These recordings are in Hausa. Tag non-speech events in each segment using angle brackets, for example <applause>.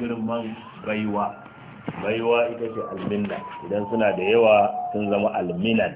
girman baiwa baiwa ita ce alminna idan suna da yawa sun zama alminan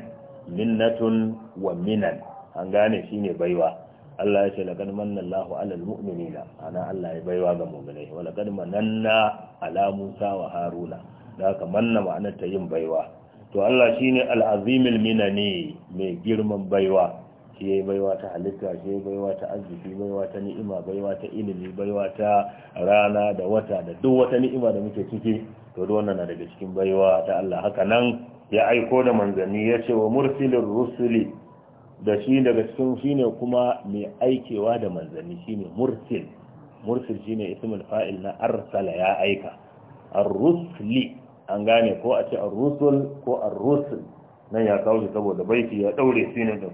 minnatun wa minan an gane shine baiwa Allah ya ce laqad manna Allahu 'alal mu'minina ana Allah ya baiwa ga mu'minai wa laqad mananna ala Musa wa Haruna da ka manna ma'anar ta yin baiwa to Allah shine al-azimul minani mai girman baiwa shi ya baiwa ta halitta shi ya yi baiwa ta arziki baiwa ta ni'ima baiwa ta ilimi baiwa ta rana da wata da duk wata ni'ima da muke ciki to duk wannan na daga cikin baiwa ta Allah haka nan ya aiko da manzanni ya ce wa mursilin rusuli da shi daga cikin shi ne kuma mai aikewa da manzanni shine mursil mursil ne ismin fa'il na arsala ya aika ar-rusli an gane ko a ce ar-rusul ko ar-rusul nan ya kawo saboda baiti ya daure ne da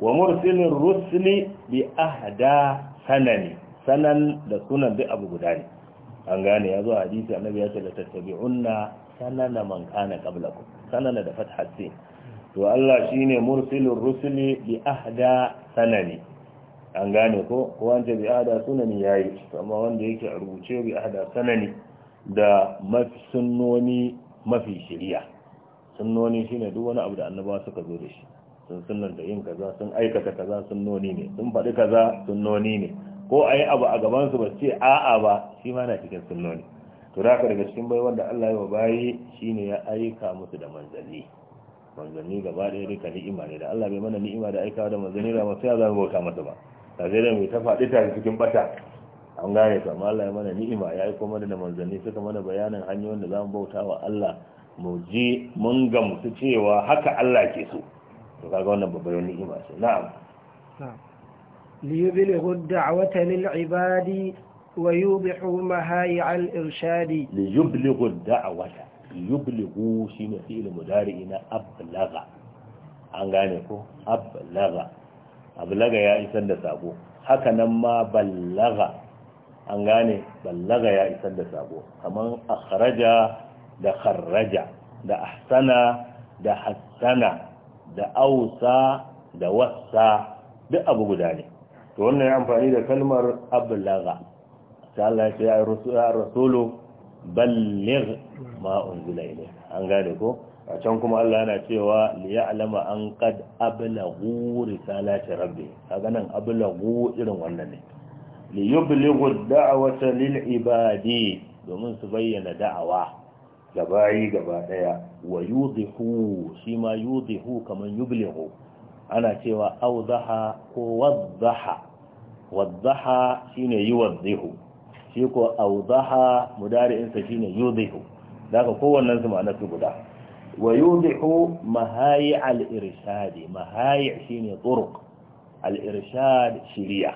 wa mursilin rusuli bi ahda sanani sanan da sunan duk abu guda ne an gane ya zo hadisi annabi ya ce la tattabi'unna sanana man kana qablakum sanana da fathat sin to Allah shine mursilin rusuli bi ahda sanani an gane ko wanda bi ahda sunani yayi amma wanda yake a rubuce bi ahda sanani da mafi sunnoni mafi shiriya sunnoni shine duk wani abu da annabawa suka zo da shi sun da yin kaza sun aikata kaza noni ne sun faɗi kaza noni ne ko a yi abu a gabansu ba ce a'a ba shi ma na cikin sunnoni to da daga cikin bai wanda Allah ya wa bayi shine ya aika musu da manzanni manzanni gaba ɗaya duka ni'ima ne da Allah bai mana ni'ima da aikawa da manzanni da masu ya zama bauta masa ba ta zai da mai ta faɗi ta cikin bata an gane to amma Allah ya mana ni'ima ya aiko mana da manzanni suka mana bayanin hanyoyin da za mu bauta wa Allah mu ji mun gamsu cewa haka Allah ke so to kaga wannan babbar ni'ima ce na'am ليبلغ الدعوة للعباد ويوضح مهايع الإرشاد ليبلغ الدعوة يبلغ شين an gane ko أنغانيكو أبلغ أبلغ يا إسان دسابو haka nan ma ballaga an gane ballaga ya isar da sabo kamar akhraja da kharraja da ahsana da hassana da ausa da wasa duk abu guda ne to wannan ya amfani da kalmar ablaga ta Allah ya ce ya rasulu balligh ma unzila ilayk an gane ko a can kuma Allah yana cewa li ya'lama an qad ablaghu risalati rabbi kaga nan ablaghu irin wannan ne li yublighu dawata lil ibadi domin su bayyana da'awa gabayi gaba daya wa yudhihu shi ma yudhihu kaman yublihu ana cewa awdaha ko waddaha waddaha shine yuwadhihu shi ko awdaha mudari'in sa shine yudhihu daga kowannen su ma'ana su guda wa yudhihu mahayi al-irshad mahayi shine turuq al-irshad shiriya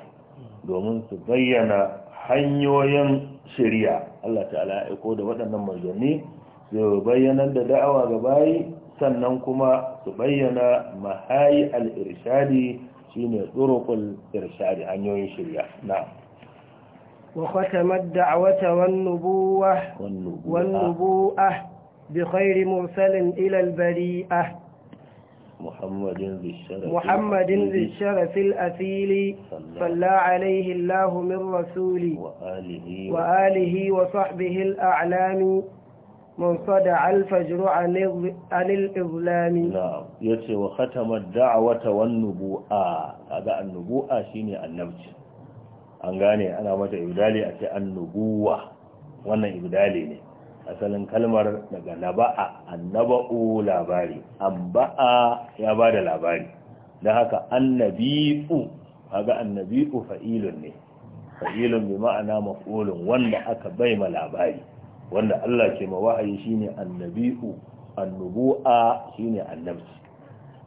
domin su bayyana hanyoyin shiriya Allah ta'ala ya aiko da waɗannan manzanni su bayyana da da'awa ga bayi sannan kuma su bayyana mahayi al-irshadi shine turuqul irshadi hanyoyin shirya na'am وختم الدعوة والنبوة والنبوءة, والنبوءة بخير مرسل إلى البريئة محمد ذي الشرف محمد ذي الشرف الأثيل صلى عليه الله من رسول وآله, وآله وصحبه الأعلام منصدع الفجر عن الإظلام نعم يتي وختم الدعوة والنبوءة هذا النبوءة شيني النبج أنغاني أنا متى إبدالي أتي النبوة وانا إبدالي ني asalin kalmar daga naba'a annaba'u labari amba'a ya ba da labari don haka annabi'u haga annabi'u fa'ilu ne fa'ilun bi ma'ana maf'ulun wanda aka bai ma labari wanda Allah ke ma wahayi shine annabi'u annubu'a shine annabci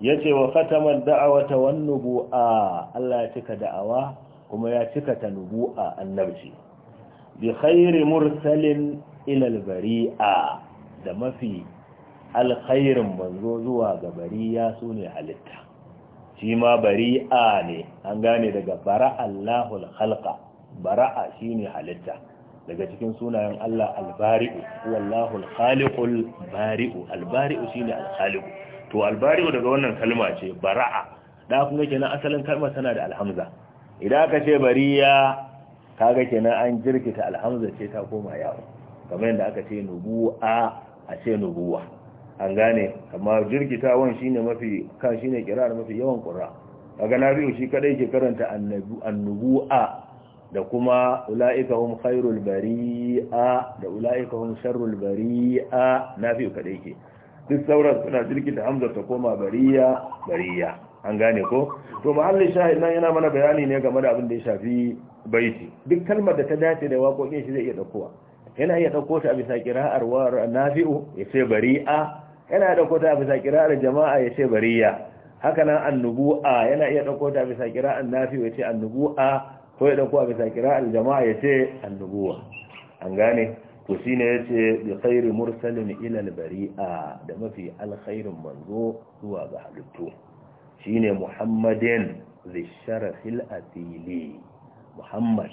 yace wa khatama da'awata wan nubu'a Allah ya cika da'awa kuma ya cika ta nubu'a annabci bi khairi mursalin ila al-bari'a da mafi alkhairin manzo zuwa ga bariya sune halitta shi ma bari'a ne an gane daga bara Allahul khalqa bara'a shine halitta daga cikin sunayen Allah albari'u wallahu al bari'u albari'u shine al-khaliqu to albari'u daga wannan kalma ce bara'a da kuma kenan asalin kalmar tana da alhamza idan aka ce bariya kaga kenan an jirkita hamza ce ta koma yawo kamar yadda aka ce nubu'a a ce nubuwa an gane amma jirkitawan shine mafi kan shine kirar mafi yawan qur'a kaga biyu shi kadai ke karanta annabu annubu'a da kuma ula'ika khairul bari'a da ula'ika sharrul bari'a nafi'u kadai ke duk sauran suna jirki da hamza ta koma bariya bariya an gane ko to Muhallin shahid nan yana mana bayani ne game da abin da ya shafi baiti duk kalmar da ta dace da waƙoƙin shi zai iya ɗaukowa yana iya ɗauko ta a bisa kira'ar nafi'u ya ce bari'a yana iya ɗauko ta a bisa kira'ar jama'a ya ce bariya haka nan annubu'a yana iya ɗauko ta bisa kira'ar nafi'u ya ce annubu'a ko ya dauko a bisa kira'ar jama'a ya ce annubuwa an gane to shine yace bi khairu mursalin ila baria da mafi alkhairin manzo zuwa ga halittu shine muhammadin zisharafil asili muhammad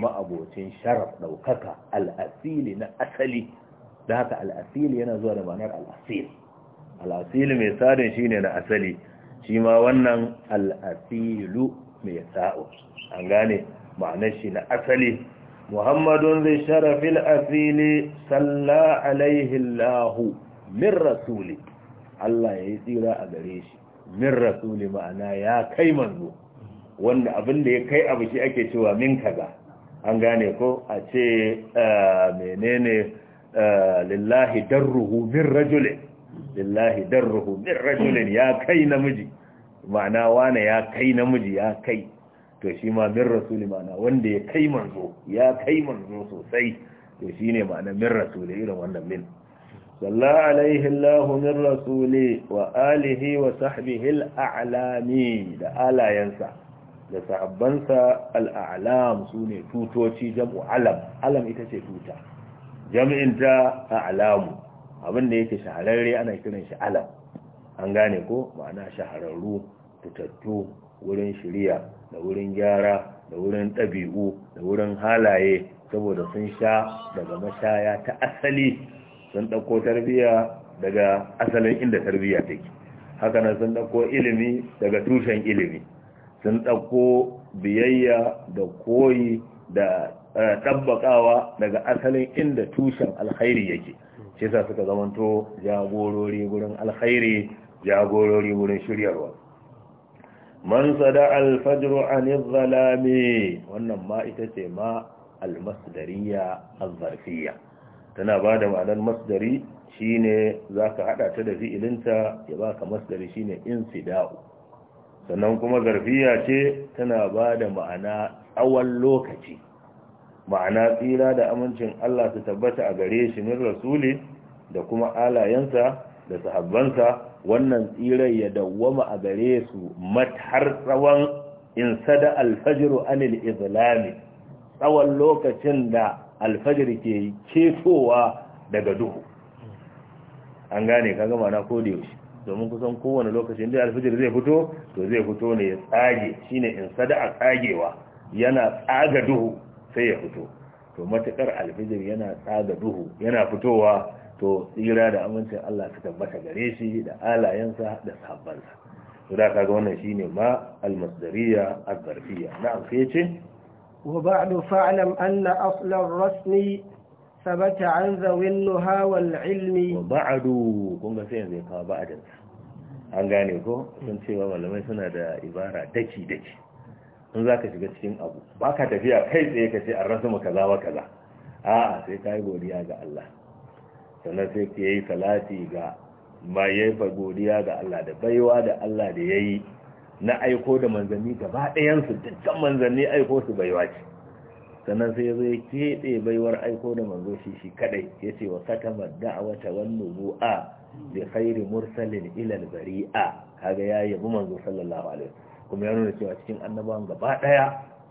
ma'abocin sharaf daukaka al'asili na asali da haka al'asili yana zuwa da ma'anar al'asili al'asili mai sadin shine na asali shi ma wannan al'asilu. mai sa'o an gane ma'anar shi na asali muhammadun zai sharafil asili salla alaihi min rasuli Allah ya yi tsira a gare shi min rasuli ma'ana ya kai manzo wanda abin da ya kai abu shi ake cewa min kaza an gane ko a ce ah, menene ah, lillahi darruhu min rajulin lillahi darruhu min rajulin ya kai namiji ma'ana wane ya kai namiji ya kai to shi ma min rasuli ma'ana wanda ya kai manzo ya kai manzo sosai to ne ma'ana min rasuli irin wannan min salla alaihi Allahu min rasuli wa alihi wa sahbihi al'alami da alayansa da sahabbansa al'alam sune tutoci jam'u alam alam ita ce tuta jam'in ta a'lamu abin da yake shahararre ana kiran shi alam an gane ko ma'ana shahararru fitattu wurin shirya da wurin gyara da wurin ɗabi'u da wurin halaye saboda sun sha daga mashaya ta asali sun ɗauko tarbiyya daga asalin inda tarbiyya take haka nan sun ɗauko ilimi daga tushen ilimi sun ɗauko biyayya da koyi da eh, ɗabbaƙawa daga asalin inda tushen alkhairi yake shi sa suka zamanto jagorori wurin alkhairi jagorori wurin shiryarwa man sada alfajiru anil zalami wannan ma ita ce ma almasdariya zarfiya. tana ba da ma'anar masdari shine za ka hada ta da fi'ilinta ya ba ka masdari shine insida'u sannan kuma zarfiya ce tana ba da ma'ana tsawon lokaci ma'ana tsira da amincin Allah su tabbata a gare shi min rasuli da kuma alayensa da sahabbansa wannan tsirai ya dawwama a gare su matar tsawon in sada alfajiru anil islami tsawon lokacin da alfajir ke ketowa daga duhu an gane kaga mana ko da yaushe domin kusan kowane lokacin da alfajir zai fito to zai fito ne ya tsage shine in sada a tsagewa yana tsaga duhu sai ya fito to matukar alfajir yana tsaga duhu yana fitowa to tsira da amincin Allah su tabbata gare shi da alayensa da sahabbansa to da kaga wannan shine ma al masdariya al zarfiyya na'am sai ce wa ba'du fa'lam anna asla ar-rasmi thabata an zawin nuha wal ilmi wa ba'du kun ga sai yanzu ka ba'dan an gane ko sun cewa malamai suna da ibara daki daki in zaka shiga cikin abu baka tafiya kai tsaye kace an rasmu kaza wa kaza a'a sai kai godiya ga Allah sannan sai ke yi salati ga bayan godiya ga Allah da baiwa da Allah da ya yi na aiko da manzanni gaba ɗayansu dukkan manzanni aiko su baiwa ce sannan sai zai keɗe keɓe baiwar aiko da manzo shi shi kaɗai ya ce wa katama da'awata wannan bu'a da khairi mursalin ilal baria kaga ya yabi manzo sallallahu alaihi kuma ya nuna cewa cikin annabawan gaba ɗaya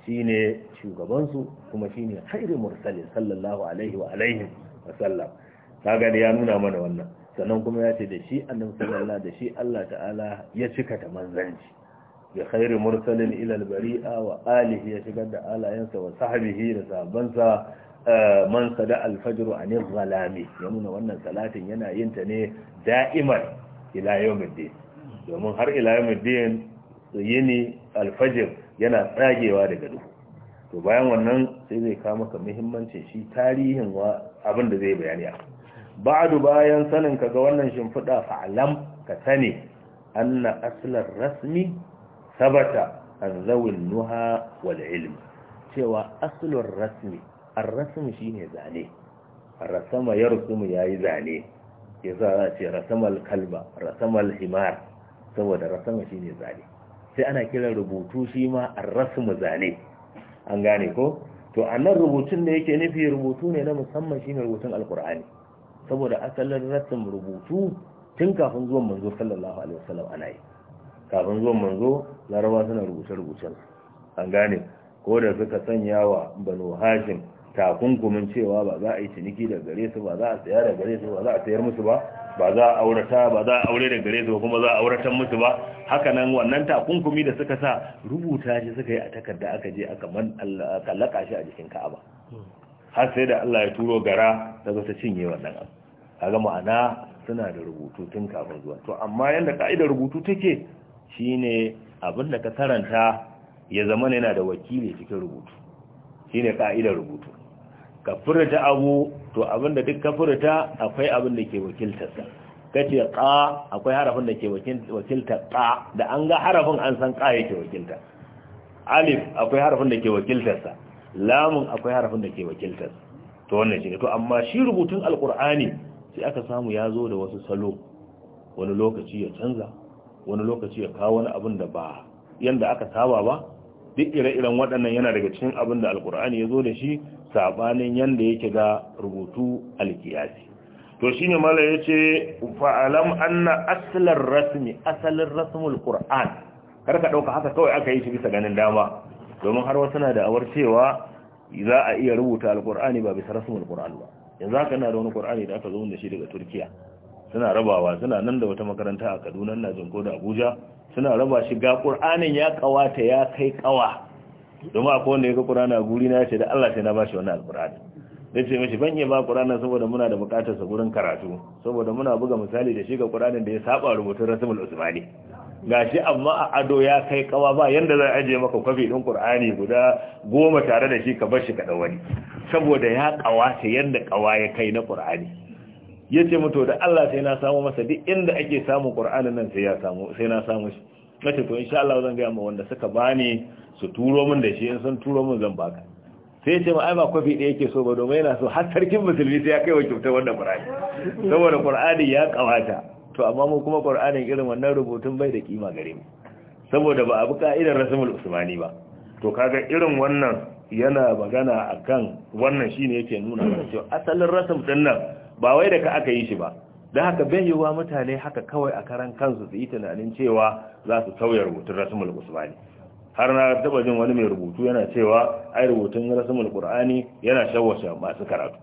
shine shugabansu, kuma shine khairi mursalin sallallahu alaihi wa alaihi wa sallam kaga gani ya nuna mana wannan sannan kuma ya ce da shi annabi sallallahu da shi Allah ta'ala ya cika ta manzanci bi khairi mursalin ila al-bari'a wa alihi ya shigar da alayansa wa sahbihi da sabonsa eh, man sada al-fajr an zalami ya nuna wannan salatin yana yin ta ne da'iman ila yawmiddin domin har ila yawmiddin yini al-fajr yana tsagewa daga duhu to bayan wannan sai zai kawo maka muhimmancin shi tarihin wa abin da zai bayani a ba'du bayan saninka ga wannan shimfiɗa fa'alam ka sani an na aslar rasmi sabata an zawin nuha wal ilmi cewa aslur rasmi an rasmi ne zane rasama ya rusumu ya yi zane ya za a ce rasamal kalba rasamal himar saboda rasama shi ne zane sai ana kiran rubutu shi ma an rasmu zane an gane ko to a nan rubutun da yake nufi rubutu ne na musamman shi ne rubutun alkur'ani saboda asalin rassin rubutu tun kafin zuwan manzo sallallahu alaihi wasallam ana yi kafin zuwan manzo laraba suna rubuce-rubucen an gane ko da suka sanya wa banu hashim takunkumin cewa ba za a yi ciniki da gare su ba za a tsaya da gare su ba za a tsayar musu ba ba za a aurata ba za a aure da gare su ba kuma za a auratan musu ba haka nan wannan takunkumi da suka sa rubuta shi suka yi a takarda aka je aka man kallaka shi a jikin ka'aba har sai da Allah ya turo gara daga ta cinye wannan abu kaga ma'ana suna da rubutu tun kafin zuwa to amma yanda ka'idar rubutu take shine abin da ka karanta ya zama yana da wakili cikin rubutu shine ka'idar rubutu ka furta abu to abin da duk ka furta akwai abin da ke wakiltar sa kace qa akwai harafin da ke wakiltar qa da an ga harafin an san qa yake wakiltar alif akwai harafin da ke wakiltar sa lamun akwai harafin da ke wakiltar to wannan shi ne? to amma shi rubutun alkur'ani sai aka samu ya zo da wasu salo wani lokaci ya canza wani lokaci ya kawo wani abin da ba yanda aka saba ba duk ire-iren waɗannan yana daga cikin abin da alkur'ani ya zo da shi sabanin yanda yake da rubutu alkiyasi to shi ne mala ya ce fa'alam anna asalin rasmi asalin rasmul ƙur'an ka ɗauka haka kawai aka yi shi bisa ganin dama domin har wasu na da'awar cewa za a iya rubuta alkur'ani ba bisa rasu alkur'ani ba yanzu haka na da wani kur'ani da aka zo da shi daga turkiya suna rabawa suna nan da wata makaranta a kaduna na jinko da abuja suna raba shi ga kur'anin ya kawata ya kai kawa domin akwai wanda ya ga kur'ani a guri na ce da allah sai na ba shi wani alkur'ani da ce mashi ban iya ba kuranin saboda muna da sa gurin karatu saboda muna buga misali da shi ga kuranin da ya saba rubutun rasul usmani gashi amma a ado ya kai kawa ba yanda zai ajiye maka kwafi din Qur'ani guda goma tare da shi ka bar shi ka wani saboda ya ta yanda kawa ya kai na Qur'ani yace mutu da Allah sai na samu masa duk inda ake samun Qur'anin nan sai ya samu sai na samu shi nace to insha Allah zan ga ma wanda suka bani su turo min da shi in san turo min zan baka sai ce ai ba kwafi ɗaya yake so ba domin yana so har sarkin musulmi sai ya kai wa kyautar wannan ƙur'ani saboda ƙur'ani ya ƙawata to amma mu kuma qur'anin irin wannan rubutun bai da kima gare mu saboda ba abu ka'idar rasmul usmani ba to kaga irin wannan yana magana akan wannan shine yake nuna cewa asalin rasul din nan ba wai da ka aka yi shi ba da haka bai wa mutane haka kawai a karan kansu su yi tunanin cewa za su sauya rubutun rasmul usmani har na taba jin wani mai rubutu yana cewa ai rubutun rasmul qur'ani yana shawwasa masu karatu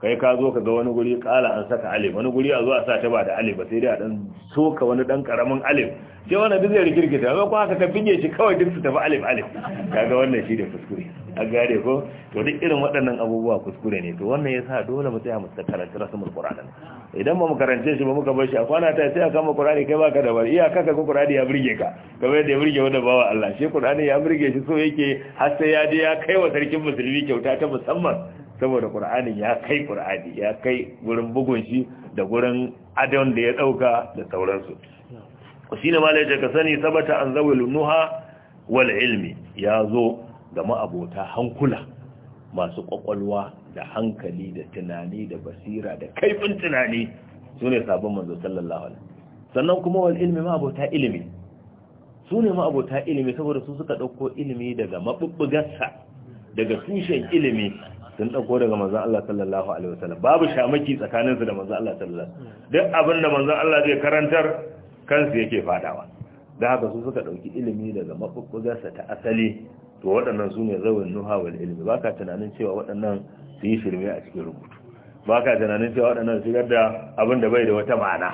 kai ka zo ka ga wani guri kala an saka alif wani guri a zo a sa ta ba da alif ba sai dai a dan soka wani dan karamin alif sai wannan duk zai rigirgita amma ko haka ka binye shi kawai duk su tafi alif alif kaga wannan shi da kuskure a gare ko to duk irin waɗannan abubuwa kuskure ne to wannan yasa dole mu tsaya mu karanta rasmul qur'ani idan ba mu karance shi ba muka bar shi a kwana ta sai aka kama qur'ani kai baka da bari iya kaka ko qur'ani ya burge ka kamar yadda ya burge wanda bawa Allah shi qur'ani ya burge shi so yake har sai ya je ya kai wa sarkin musulmi kyauta ta musamman saboda qur'ani ya kai qur'ani ya kai gurin bugun shi da gurin adon da ya ɗauka da sauransu shine malai ce ka sani sabata an zawil nuha wal ilmi ya zo ga ma'abota hankula masu kwakwalwa da hankali da tunani da basira da kaifin tunani sune sabon manzo sallallahu alaihi sannan kuma wal ilmi ma'abota ilimi sune ne ma'abota ilimi saboda su suka ɗauko ilimi daga maɓuɓɓugarsa daga tushen ilimi sun dauko daga manzon Allah sallallahu alaihi wasallam babu shamaki tsakaninsu da manzon Allah sallallahu alaihi wasallam duk abin da manzon Allah zai karantar kansu yake fadawa da haka su suka ɗauki ilimi daga mafukugarsa ta asali to waɗannan su ne zawin nuha wal ilimi baka tunanin cewa waɗannan su yi shirme a cikin rubutu ba tunanin cewa waɗannan su da abin da bai da wata ma'ana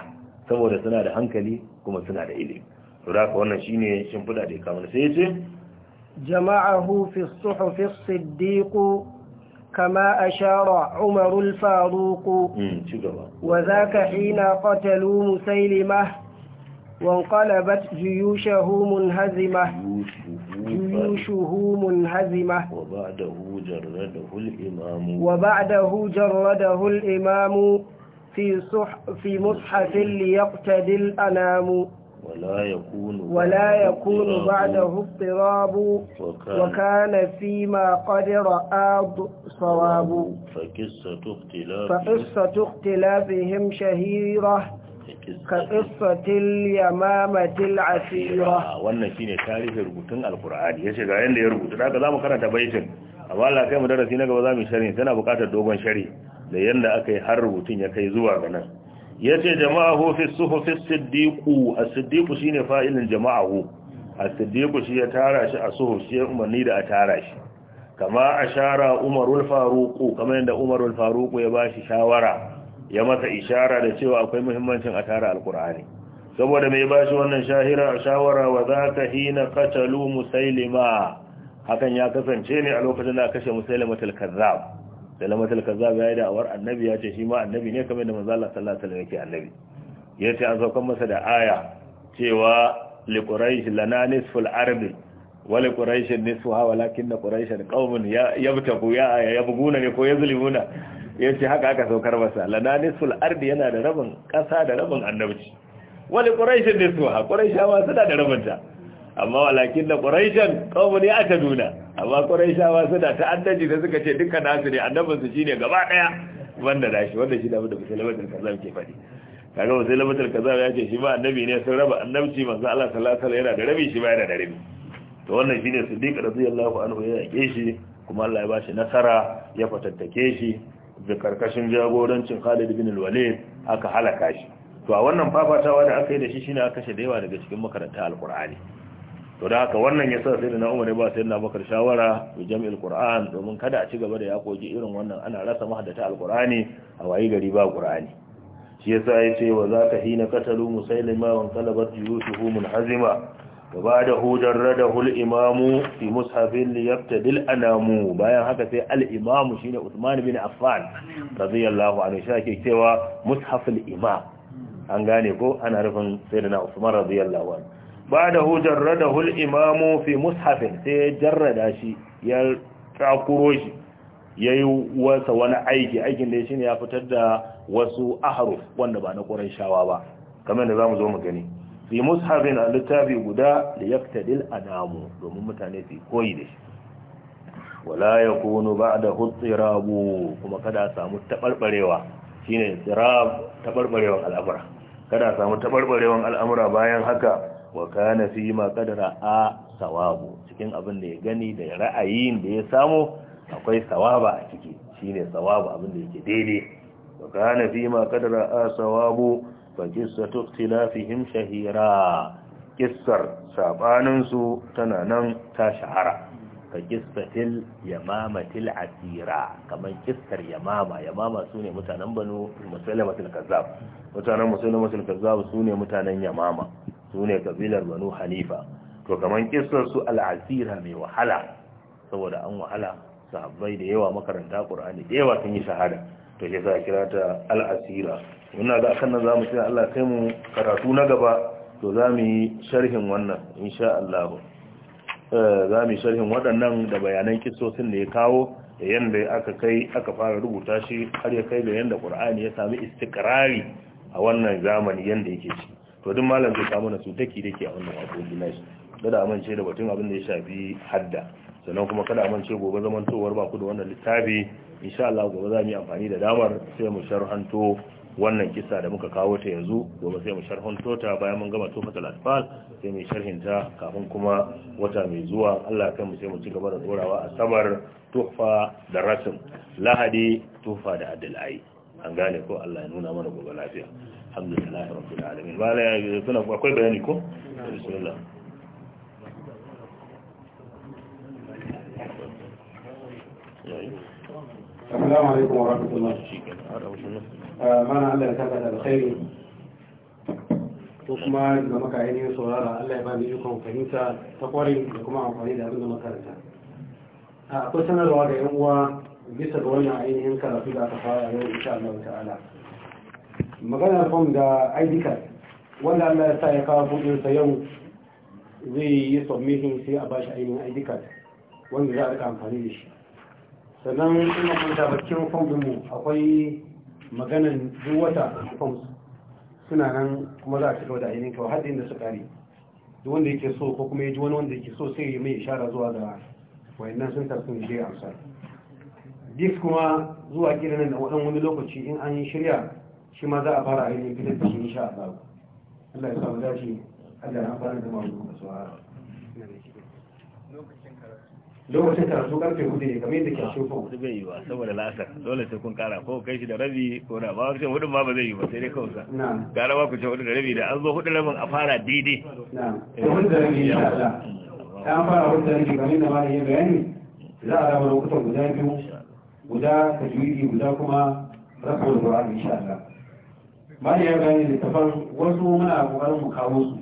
saboda suna da hankali kuma suna da ilimi to da haka wannan shine shimfiɗa da ya kamar sai ya ce jama'a hufi suhufi siddiƙu كما أشار عمر الفاروق وذاك حين قتلوا مسيلمة وانقلبت جيوشه منهزمة جيوشه منهزمة وبعده جرده الإمام وبعده جرده الإمام في, صح في مصحف ليقتدي الأنام ولا يكون ولا يكون بعده اضطراب وكان, وكان فيما قد رأى صواب فقصة اختلافهم فقصة اختلافهم شهيرة كقصة اليمامة العسيرة wannan shine tarihin rubutun alqur'ani yace ga yanda ya rubuta daga zamu karanta baitin amma Allah kai mu darasi na gaba zamu sharhi tana buƙatar dogon sharhi da yadda aka yi har rubutun ya kai zuwa ga nan yace jama'ahu fi suhufi siddiqu as-siddiqu shine fa'ilin jama'ahu as-siddiqu shi ya tara shi a suhuf shi umarni da a tara shi kama ashara umarul faruqu kama yadda umarul faruqu ya bashi shawara ya masa ishara da cewa akwai muhimmancin a tara alkur'ani saboda mai ba shi wannan shahira shawara wa za ka hina katalu musailima hakan ya kasance ne a lokacin da kashe musailima talkazzab salamatul kazzab ya yi da'awar annabi ya ce shi ma annabi ne kamar da manzo Allah sallallahu yake annabi ya ce an saukan masa da aya cewa li lana nisful ardi wa nisu hawa lakin walakin quraish da yabtaku ya ya buguna ne ko ya yazlimuna ya ce haka aka saukar masa lana nisful ardi yana da rabin kasa da rabin annabci wa li quraish nisfuha quraishawa suna da rabinta amma walakin ya qaumun duna. amma ƙuraishawa suna ta'addaji da suka ce duka nasu ne annabinsu shi ne gaba ɗaya wanda da shi wanda shi da mutum kazam ke faɗi kaga musulmatul kazam ya ce shi ma annabi ne sun raba annabci manzo Allah yana da rabi shi ma yana da rabi to wannan shi ne da siddiq lafi an ya yake shi kuma Allah ya ba shi nasara ya fatattake shi da karkashin jagorancin Khalid bin al-Walid aka halaka shi to a wannan fafatawa da aka yi da shi shine aka kashe da yawa daga cikin makaranta alqur'ani to da haka wannan yasa sai na Umar ba sai na Bakar shawara bi jami'il Qur'an domin kada a ci gaba da yakoji irin wannan ana rasa mahaddata alqur'ani a wayi gari ba qur'ani shi yasa yace wa zaka hina katalu musailima wa qalabat mun hazima. wa da hudar al imamu fi mushafin liyabtadil anamu bayan haka sai al-imam shine Uthman bin Affan radiyallahu anhu shake cewa mushafil imam an gane ko ana rufin sayyidina Uthman radiyallahu anhu ba da hujjar jarrada hul imamu fi mushafin sai ya jarrada shi ya takuro shi ya yi wasa wani aiki aikin da shi ne ya fitar da wasu aharuf wanda ba na ƙuran shawa ba kamar da za mu zo mu gani fi mushafin a littafi guda da ya fitadil anamu domin mutane fi koyi da shi wala ya kunu ba da hutsirabu kuma kada samu taɓarɓarewa ne tsirab taɓarɓarewan al'amura kada samu taɓarɓarewan al'amura bayan haka wa kana fi ma qadara a sawabu cikin abin da ya gani da ra'ayin da ya samu akwai sawaba a ciki shine sawabu abin da yake daidai wa kana fi ma qadara a sawabu fa qissatu ikhtilafihim shahira kissar sabanin su tana nan ta shahara ka kissatil yamamatil asira kamar kissar yamama yamama sune mutanen banu musulmatul kazzab mutanen musulmatul kazzab sune mutanen yamama Sune kabilar banu hanifa to kamar kissar su al'asira mai wahala saboda an wahala sahabbai da yawa makaranta qur'ani da yawa sun yi shahada to sai za kira ta al'asira muna ga akan nan zamu Allah kai mu karatu na gaba to za yi sharhin wannan insha Allah eh, za yi sharhin waɗannan da bayanan kissosin da ya kawo da yanda aka kai aka fara rubuta shi har ya kai da yanda ƙur'ani ya sami istikrari a wannan zamani yadda yake ciki to duk malam zai samu na su daki a wannan abubuwan na shi kada amince da batun abin da ya shafi hadda sannan kuma kada amince gobe zamantowar ba ku da wannan littafi insha Allah gobe za mu yi amfani da damar sai mu sharhanto wannan kisa da muka kawo ta yanzu gobe sai mu sharhanto ta bayan mun gama tofa al sai mu sharhinta kafin kuma wata mai zuwa Allah kai mu sai mu ci gaba da dorawa asabar tufa da rasul lahadi tufa da adalai an gane ko Allah ya nuna mana goga lafiya alhamdulillah rabbil alamin ba la yakuna akwai bayani ko bismillah السلام عليكم ورحمه الله وبركاته انا الله يكتب لك الخير وكما لما كان يسوع الله يبان ليكم فهمت تقوى لكم عن طريق ابن مكرمه اا كنت انا لو ادعي bisa ga wannan ainihin karatu da aka fara yau insha Allah ta'ala maganar fom da ID card wanda Allah ya sa ya kawo bukin sa yau zai yi submission sai a bashi ainihin ID card wanda za a rika amfani da shi sannan ina kwanta bakin fom mu akwai maganan duk wata fom suna nan kuma za a shiga da ainihin kawai hadin da su ƙare duk wanda yake so ko kuma ya ji wani wanda yake so sai ya mai ishara zuwa ga wayannan sun tarfin da amsar amsa disk kuma zuwa kirinin da wadan wani lokaci in an yi shirya shi ma za a fara ainihin fitar da shi insha Allah Allah ya samu dace Allah ya amfana da mu da suwara lokacin karatu karfe hudu ne kamar yadda ke shofa hudu bai yi ba saboda lasar dole sai kun kara ko kai shi da rabi ko na ba wakacin hudun ma ba zai yi ba sai dai kawai sa gara ba ku ce hudu da rabi da an zo hudu rabin a fara daidai da hudu da rabi ya ta an fara hudu da rabi kamar yadda ma da yin bayani za a zama lokutan guda biyu guda tajwidi guda kuma da qur'an insha Allah bani ya bayani littafan wasu muna kokarin mu kawo su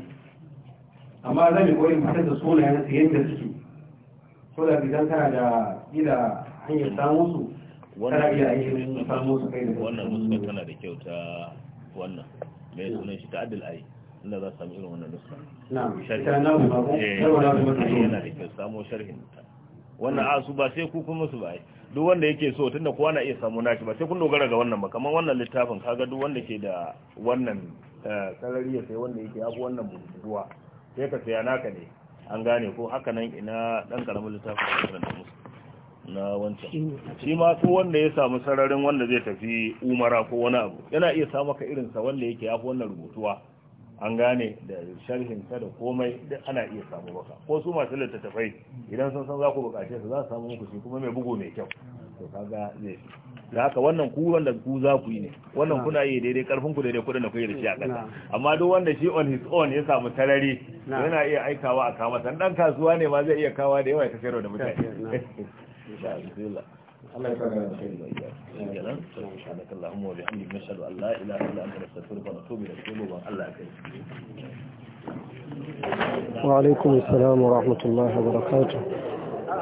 amma zan yi koyi fitar da sunayen su yadda suke ko da idan kana da ila hanyar samu su kana iya mun samu su kai da wannan musu tana da kyau ta wannan mai sunan shi ta adil ai inda za su sami irin wannan nuska na'am shafi na mu ba ko yana da kyau samu sharhin ta wannan hmm. a su ba sai ku kuma su bai duk wanda yake so tunda kowa na iya samu naki ba sai kun dogara ga wannan ba kamar wannan littafin kaga duk wanda ke da wannan eh, sarari ya sai wanda yake yafi wannan buduwa sai ka saya naka ne an gane ko haka nan ina dan karamin littafin da karanta musu na wancan shi ma ko wanda ya samu sararin wanda zai tafi umara ko wani abu yana iya samu ka irinsa wanda yake yafi wannan rubutuwa an gane da sharhin ta da komai duk ana iya samu baka ko su masu littattafai idan sun san za ku bukace su za su samu muku shi kuma mai bugu mai kyau to kaga zai da haka wannan ku wanda ku za ku yi ne wannan kuna yi daidai karfin ku daidai kudin da yi da shi a kasa amma duk wanda shi on his own ya samu tarari yana iya aikawa a kama san dan kasuwa ne ma zai iya kawa da yawa ya kashe da mutane <laughs> Allah ya da shi wa wa ya rahmatullahi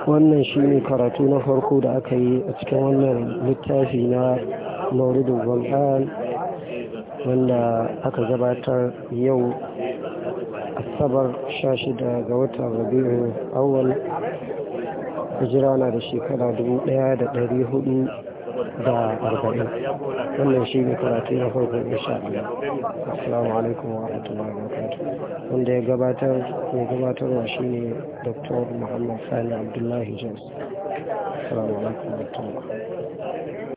wannan shine karatu na farko da aka yi a cikin wannan littafi na mauridul walhan wanda aka gabatar yau asabar 16 ga watan rabi'u awwal hijira na da shekara dubu daya da dari hudu da arba'in wannan shi ne karatu na farko insha Allah assalamu alaikum wa rahmatullahi wa barakatuh wanda ya gabatar wa shi ne dr muhammad sani abdullahi jones assalamu alaikum wa rahmatullahi